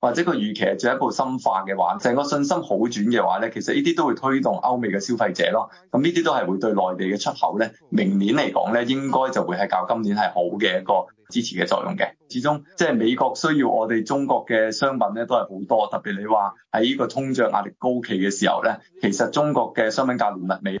或者個預期係進一步深化嘅話，成個信心好轉嘅話咧，其實呢啲都會推動歐美嘅消費者咯。咁呢啲都係會對內地嘅出口咧，明年嚟講咧，應該就會係較今年係好嘅一個支持嘅作用嘅。始終即係美國需要我哋中國嘅商品咧，都係好多。特別你話喺呢個通脹壓力高企嘅時候咧，其實中國嘅商品價廉物美。